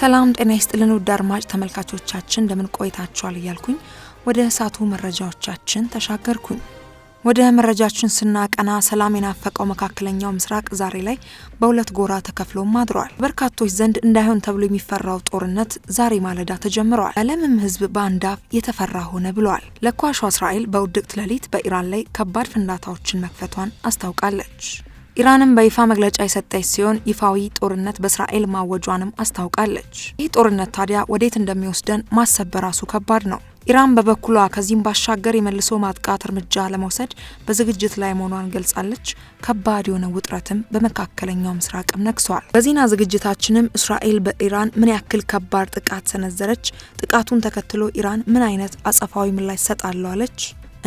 ሰላም ጤና ይስጥልን ውድ አድማጭ ተመልካቾቻችን እንደምን ቆይታችኋል? እያልኩኝ ወደ እሳቱ መረጃዎቻችን ተሻገርኩኝ። ወደ መረጃችን ስናቀና ሰላም የናፈቀው መካከለኛው ምስራቅ ዛሬ ላይ በሁለት ጎራ ተከፍሎም አድሯል። በርካቶች ዘንድ እንዳይሆን ተብሎ የሚፈራው ጦርነት ዛሬ ማለዳ ተጀምረዋል። የዓለምም ሕዝብ በአንድ አፍ የተፈራ ሆነ ብለዋል። ለኳሿ እስራኤል በውድቅት ሌሊት በኢራን ላይ ከባድ ፍንዳታዎችን መክፈቷን አስታውቃለች። ኢራንም በይፋ መግለጫ የሰጠች ሲሆን ይፋዊ ጦርነት በእስራኤል ማወጇንም አስታውቃለች። ይህ ጦርነት ታዲያ ወዴት እንደሚወስደን ማሰብ በራሱ ከባድ ነው። ኢራን በበኩሏ ከዚህም ባሻገር የመልሶ ማጥቃት እርምጃ ለመውሰድ በዝግጅት ላይ መሆኗን ገልጻለች። ከባድ የሆነ ውጥረትም በመካከለኛው ምስራቅም ነግሷል። በዜና ዝግጅታችንም እስራኤል በኢራን ምን ያክል ከባድ ጥቃት ሰነዘረች፣ ጥቃቱን ተከትሎ ኢራን ምን አይነት አጸፋዊ ምላሽ ሰጣለች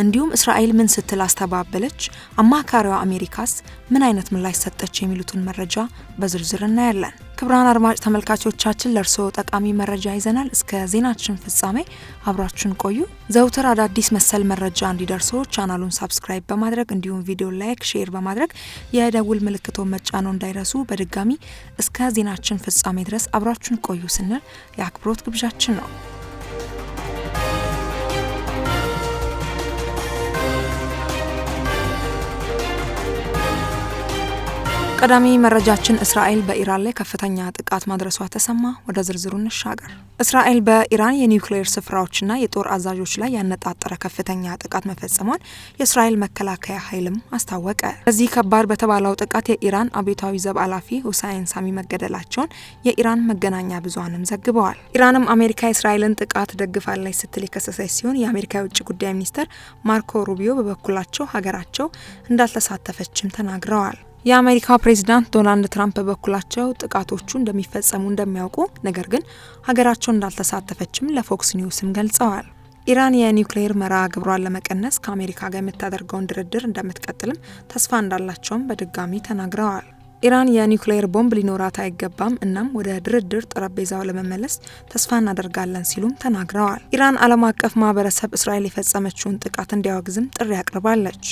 እንዲሁም እስራኤል ምን ስትል አስተባበለች፣ አማካሪዋ አሜሪካስ ምን አይነት ምላሽ ሰጠች የሚሉትን መረጃ በዝርዝር እናያለን። ክቡራን አድማጭ ተመልካቾቻችን ለእርስዎ ጠቃሚ መረጃ ይዘናል። እስከ ዜናችን ፍጻሜ አብራችሁን ቆዩ። ዘውትር አዳዲስ መሰል መረጃ እንዲደርሶ ቻናሉን ሳብስክራይብ በማድረግ እንዲሁም ቪዲዮ ላይክ፣ ሼር በማድረግ የደውል ምልክቶን መጫኖ እንዳይረሱ። በድጋሚ እስከ ዜናችን ፍጻሜ ድረስ አብራችሁን ቆዩ ስንል የአክብሮት ግብዣችን ነው። ቀዳሚ መረጃችን እስራኤል በኢራን ላይ ከፍተኛ ጥቃት ማድረሷ ተሰማ። ወደ ዝርዝሩ እንሻገር። እስራኤል በኢራን የኒውክሌር ስፍራዎችና የጦር አዛዦች ላይ ያነጣጠረ ከፍተኛ ጥቃት መፈጸሟን የእስራኤል መከላከያ ኃይልም አስታወቀ። በዚህ ከባድ በተባለው ጥቃት የኢራን አብዮታዊ ዘብ ኃላፊ ሁሳይን ሳሚ መገደላቸውን የኢራን መገናኛ ብዙሃንም ዘግበዋል። ኢራንም አሜሪካ የእስራኤልን ጥቃት ደግፋለች ስትል የከሰሰች ሲሆን የአሜሪካ የውጭ ጉዳይ ሚኒስትር ማርኮ ሩቢዮ በበኩላቸው ሀገራቸው እንዳልተሳተፈችም ተናግረዋል። የአሜሪካው ፕሬዚዳንት ዶናልድ ትራምፕ በበኩላቸው ጥቃቶቹ እንደሚፈጸሙ እንደሚያውቁ ነገር ግን ሀገራቸው እንዳልተሳተፈችም ለፎክስ ኒውስም ገልጸዋል። ኢራን የኒውክሌር መርሃ ግብሯን ለመቀነስ ከአሜሪካ ጋር የምታደርገውን ድርድር እንደምትቀጥልም ተስፋ እንዳላቸውም በድጋሚ ተናግረዋል። ኢራን የኒውክሌር ቦምብ ሊኖራት አይገባም፣ እናም ወደ ድርድር ጠረጴዛው ለመመለስ ተስፋ እናደርጋለን ሲሉም ተናግረዋል። ኢራን ዓለም አቀፍ ማህበረሰብ እስራኤል የፈጸመችውን ጥቃት እንዲያወግዝም ጥሪ አቅርባለች።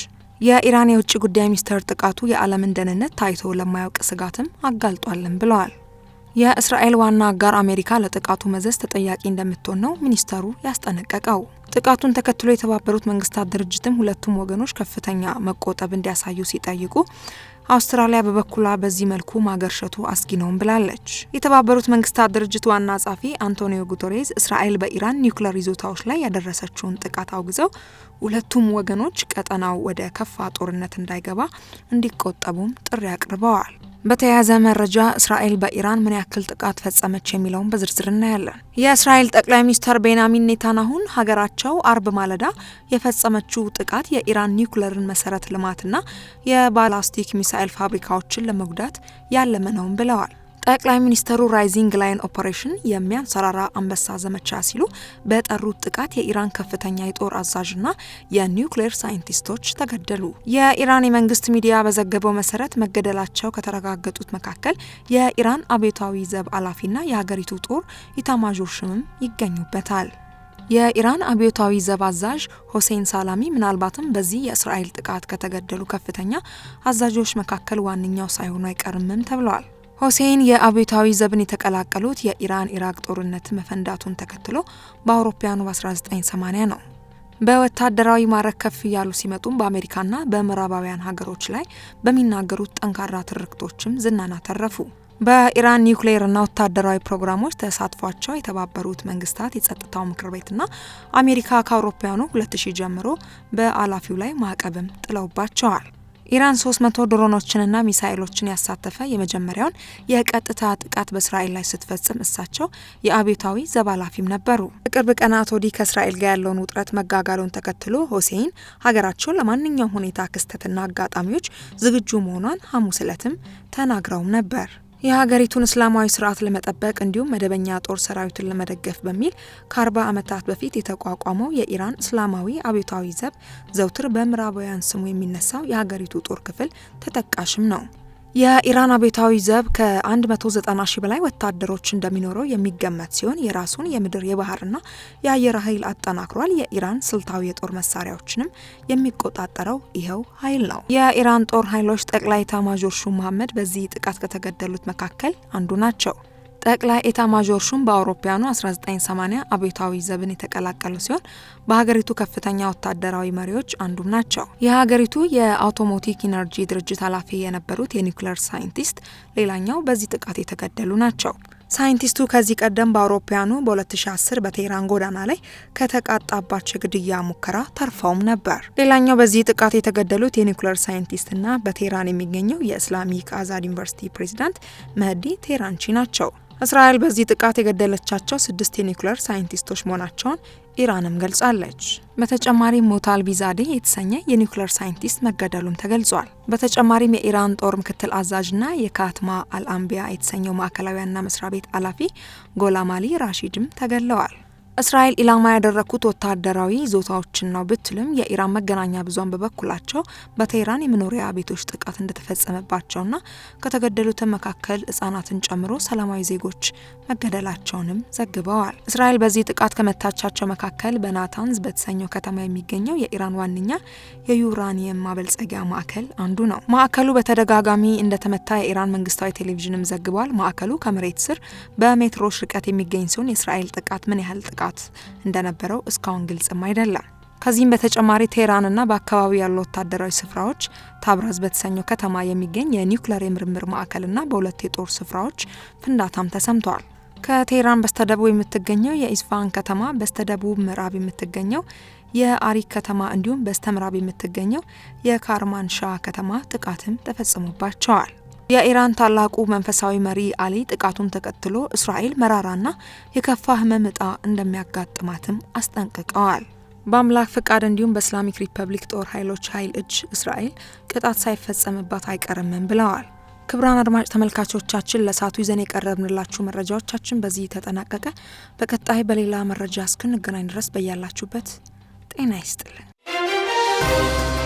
የኢራን የውጭ ጉዳይ ሚኒስትር ጥቃቱ የዓለምን ደህንነት ታይቶ ለማያውቅ ስጋትም አጋልጧልም ብለዋል። የእስራኤል ዋና አጋር አሜሪካ ለጥቃቱ መዘዝ ተጠያቂ እንደምትሆን ነው ሚኒስተሩ ያስጠነቀቀው። ጥቃቱን ተከትሎ የተባበሩት መንግስታት ድርጅትም ሁለቱም ወገኖች ከፍተኛ መቆጠብ እንዲያሳዩ ሲጠይቁ አውስትራሊያ በበኩሏ በዚህ መልኩ ማገርሸቱ አስጊ ነውም ብላለች። የተባበሩት መንግስታት ድርጅት ዋና ጸሐፊ አንቶኒዮ ጉተሬዝ እስራኤል በኢራን ኒውክሌር ይዞታዎች ላይ ያደረሰችውን ጥቃት አውግዘው ሁለቱም ወገኖች ቀጠናው ወደ ከፋ ጦርነት እንዳይገባ እንዲቆጠቡም ጥሪ አቅርበዋል። በተያያዘ መረጃ እስራኤል በኢራን ምን ያክል ጥቃት ፈጸመች የሚለውን በዝርዝር እናያለን። የእስራኤል ጠቅላይ ሚኒስትር ቤንያሚን ኔታናሁን ሀገራቸው አርብ ማለዳ የፈጸመችው ጥቃት የኢራን ኒውክለርን መሰረት ልማትና የባላስቲክ ሚሳኤል ፋብሪካዎችን ለመጉዳት ያለመ ነውም ብለዋል። ጠቅላይ ሚኒስተሩ ራይዚንግ ላይን ኦፐሬሽን የሚያንሰራራ አንበሳ ዘመቻ ሲሉ በጠሩት ጥቃት የኢራን ከፍተኛ የጦር አዛዥና የኒውክሌር ሳይንቲስቶች ተገደሉ። የኢራን የመንግስት ሚዲያ በዘገበው መሰረት መገደላቸው ከተረጋገጡት መካከል የኢራን አብዮታዊ ዘብ ኃላፊና የሀገሪቱ ጦር ኢታማዦር ሹምም ይገኙበታል። የኢራን አብዮታዊ ዘብ አዛዥ ሆሴን ሳላሚ ምናልባትም በዚህ የእስራኤል ጥቃት ከተገደሉ ከፍተኛ አዛዦች መካከል ዋነኛው ሳይሆኑ አይቀርምም ተብለዋል። ሁሴን የአብዮታዊ ዘብን የተቀላቀሉት የኢራን ኢራቅ ጦርነት መፈንዳቱን ተከትሎ በአውሮፓውያኑ በ1980 ነው። በወታደራዊ ማዕረግ ከፍ እያሉ ሲመጡም በአሜሪካና በምዕራባውያን ሀገሮች ላይ በሚናገሩት ጠንካራ ትርክቶችም ዝናን አተረፉ። በኢራን ኒውክሌርና ወታደራዊ ፕሮግራሞች ተሳትፏቸው የተባበሩት መንግስታት የጸጥታው ምክር ቤትና አሜሪካ ከአውሮፓውያኑ 2000 ጀምሮ በአላፊው ላይ ማዕቀብም ጥለውባቸዋል። ኢራን 300 ድሮኖችንና ሚሳኤሎችን ያሳተፈ የመጀመሪያውን የቀጥታ ጥቃት በእስራኤል ላይ ስትፈጽም እሳቸው የአብዮታዊ ዘብ ኃላፊም ነበሩ። በቅርብ ቀናት ወዲህ ከእስራኤል ጋር ያለውን ውጥረት መጋጋሉን ተከትሎ ሆሴይን ሀገራቸው ለማንኛውም ሁኔታ ክስተትና አጋጣሚዎች ዝግጁ መሆኗን ሐሙስ ዕለትም ተናግረውም ነበር። የሀገሪቱን እስላማዊ ስርዓት ለመጠበቅ እንዲሁም መደበኛ ጦር ሰራዊትን ለመደገፍ በሚል ከአርባ ዓመታት በፊት የተቋቋመው የኢራን እስላማዊ አብዮታዊ ዘብ ዘውትር በምዕራባውያን ስሙ የሚነሳው የሀገሪቱ ጦር ክፍል ተጠቃሽም ነው። የኢራን አቤታዊ ዘብ ከ190 ሺህ በላይ ወታደሮች እንደሚኖረው የሚገመት ሲሆን የራሱን የምድር የባህርና የአየር ኃይል አጠናክሯል። የኢራን ስልታዊ የጦር መሳሪያዎችንም የሚቆጣጠረው ይኸው ኃይል ነው። የኢራን ጦር ኃይሎች ጠቅላይ ኤታማዦር ሹም መሐመድ በዚህ ጥቃት ከተገደሉት መካከል አንዱ ናቸው። ጠቅላይ ኤታ ማዦር ሹም በአውሮፓያኑ 1980 አብዮታዊ ዘብን የተቀላቀሉ ሲሆን በሀገሪቱ ከፍተኛ ወታደራዊ መሪዎች አንዱም ናቸው። የሀገሪቱ የአውቶሞቲክ ኢነርጂ ድርጅት ኃላፊ የነበሩት የኒውክሌር ሳይንቲስት ሌላኛው በዚህ ጥቃት የተገደሉ ናቸው። ሳይንቲስቱ ከዚህ ቀደም በአውሮፓያኑ በ2010 በቴህራን ጎዳና ላይ ከተቃጣባቸው የግድያ ሙከራ ተርፈውም ነበር። ሌላኛው በዚህ ጥቃት የተገደሉት የኒውክሌር ሳይንቲስትና በቴህራን የሚገኘው የእስላሚክ አዛድ ዩኒቨርሲቲ ፕሬዚዳንት መህዲ ቴራንቺ ናቸው። እስራኤል በዚህ ጥቃት የገደለቻቸው ስድስት የኒውክሌር ሳይንቲስቶች መሆናቸውን ኢራንም ገልጻለች። በተጨማሪም ሞታል ቢዛዴ የተሰኘ የኒውክሌር ሳይንቲስት መገደሉም ተገልጿል። በተጨማሪም የኢራን ጦር ምክትል አዛዥና የካትማ አልአምቢያ የተሰኘው ማዕከላዊያና መስሪያ ቤት ኃላፊ ጎላማሊ ራሺድም ተገለዋል። እስራኤል ኢላማ ያደረኩት ወታደራዊ ይዞታዎችን ነው ብትልም የኢራን መገናኛ ብዙን በበኩላቸው በቴህራን የመኖሪያ ቤቶች ጥቃት እንደተፈጸመባቸውና ከተገደሉትም መካከል ህጻናትን ጨምሮ ሰላማዊ ዜጎች መገደላቸውንም ዘግበዋል። እስራኤል በዚህ ጥቃት ከመታቻቸው መካከል በናታንዝ በተሰኘው ከተማ የሚገኘው የኢራን ዋነኛ የዩራኒየም ማበልጸጊያ ማዕከል አንዱ ነው። ማዕከሉ በተደጋጋሚ እንደተመታ የኢራን መንግስታዊ ቴሌቪዥንም ዘግቧል። ማዕከሉ ከመሬት ስር በሜትሮች ርቀት የሚገኝ ሲሆን የእስራኤል ጥቃት ምን ያህል ጥቃት ስርዓት እንደነበረው እስካሁን ግልጽም አይደለም። ከዚህም በተጨማሪ ቴህራንና በአካባቢው ያሉ ወታደራዊ ስፍራዎች ታብራዝ በተሰኘው ከተማ የሚገኝ የኒውክሌር የምርምር ማዕከልና በሁለት የጦር ስፍራዎች ፍንዳታም ተሰምተዋል። ከቴህራን በስተደቡብ የምትገኘው የኢስፋሃን ከተማ፣ በስተደቡብ ምዕራብ የምትገኘው የአሪክ ከተማ እንዲሁም በስተምዕራብ የምትገኘው የካርማንሻ ከተማ ጥቃትም ተፈጽሞባቸዋል። የኢራን ታላቁ መንፈሳዊ መሪ አሊ ጥቃቱን ተከትሎ እስራኤል መራራና የከፋ ህመም ዕጣ እንደሚያጋጥማትም አስጠንቅቀዋል። በአምላክ ፍቃድ እንዲሁም በእስላሚክ ሪፐብሊክ ጦር ኃይሎች ኃይል እጅ እስራኤል ቅጣት ሳይፈጸምባት አይቀርምም ብለዋል። ክቡራን አድማጭ ተመልካቾቻችን ለሳቱ ይዘን የቀረብንላችሁ መረጃዎቻችን በዚህ ተጠናቀቀ። በቀጣይ በሌላ መረጃ እስክንገናኝ ድረስ በያላችሁበት ጤና ይስጥልን።